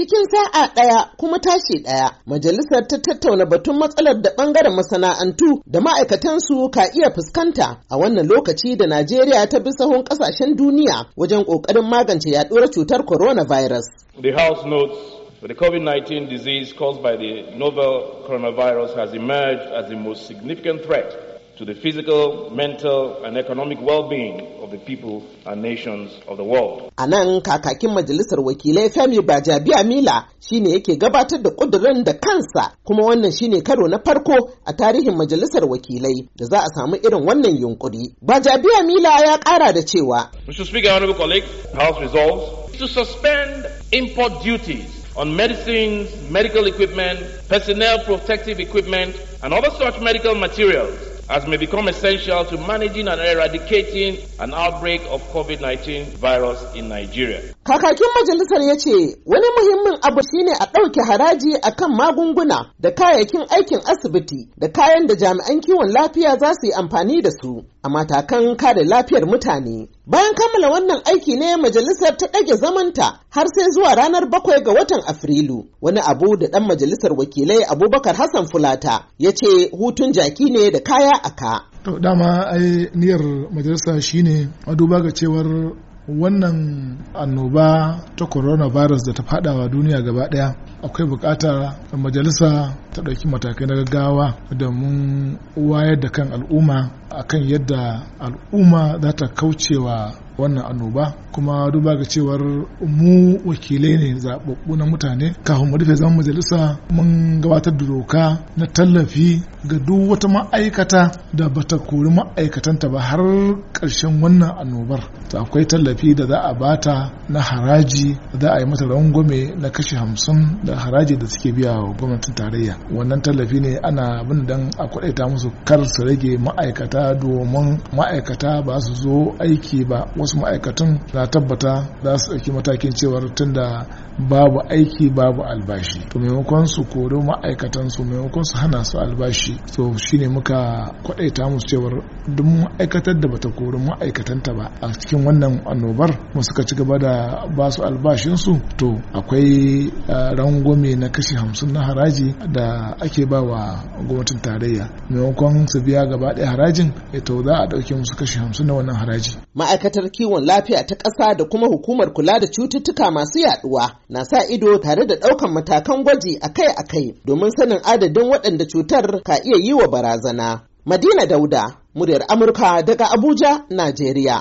Cikin sa'a ɗaya kuma tashi ɗaya, majalisar ta tattauna batun matsalar da ɓangaren masana'antu da ma'aikatansu ka iya fuskanta a wannan lokaci da Najeriya ta bi sahun ƙasashen duniya wajen ƙoƙarin magance yaɗuwar cutar coronavirus. The House notes the COVID 19 disease caused by the novel coronavirus has emerged as the most significant threat to the physical, mental, and economic well-being of the people and nations of the world. A kakakin majalisar wakilai Femi yake gabatar da ƙudurin da kansa kuma wannan karo na farko a tarihin majalisar wakilai da za a samu irin wannan yunkuri. ya ƙara da cewa. Mr. Speaker, honorable House resolves to suspend import duties on medicines, medical equipment, personnel protective equipment, and other such medical materials as may become essential to managing and eradicating an outbreak of COVID-19 virus in Nigeria. Kakakin majalisar ya ce wani muhimmin abu shine a ɗauke haraji a kan magunguna da kayayyakin aikin asibiti da kayan da jami'an kiwon lafiya za su yi amfani da su a matakan kare lafiyar mutane. Bayan kammala wannan aiki ne majalisar ta ɗage zamanta har sai zuwa ranar bakwai ga watan Afrilu. Wani abu da ɗan majalisar wakilai Abubakar Hassan Fulata ya ce hutun jaki ne da kaya a ka. To dama ai niyyar majalisa shine a duba ga cewar wannan annoba ta coronavirus da ta faɗawa duniya gaba daya akwai bukatar majalisa ta ɗauki matakai na gaggawa da mun wayar da kan al'umma akan yadda al'umma za ta kaucewa wannan annoba kuma duba ga cewar mu wakilai ne zaɓaɓɓu na mutane kafin mu rufe zaman majalisa mun gabatar da doka na tallafi ga duk wata ma'aikata da bata kori ma'aikatanta ba har ƙarshen wannan annobar ta akwai tallafi da za a bata na haraji za a yi mata rangwame na kashi hamsin da haraji da suke biya wa gwamnatin tarayya wannan tallafi ne ana abin dan a kwadaita musu kar su rage ma'aikata domin ma'aikata ba su zo aiki ba wasu ma'aikatan na tabbata za su ɗauki matakin cewar tunda babu aiki babu albashi to maimakon su kori ma'aikatan su maimakon su hana su albashi so shine muka kwadaita musu cewar duk ma'aikatar da bata kori ma'aikatanta ba a cikin wannan annobar mu suka ci gaba da ba su albashin su to akwai eh, rangwame na kashi hamsin na haraji da da ake ba wa gwamnatin tarayya maimakon su biya gaba ɗaya harajin to za a ɗauke musu kashi hamsin na wannan haraji. ma'aikatar kiwon lafiya ta ƙasa da kuma hukumar kula da cututtuka masu yaɗuwa na sa ido tare da ɗaukan matakan gwaji akai-akai domin sanin adadin waɗanda cutar ka iya yi wa barazana. Madina Dauda, muryar Amurka daga Abuja, Najeriya.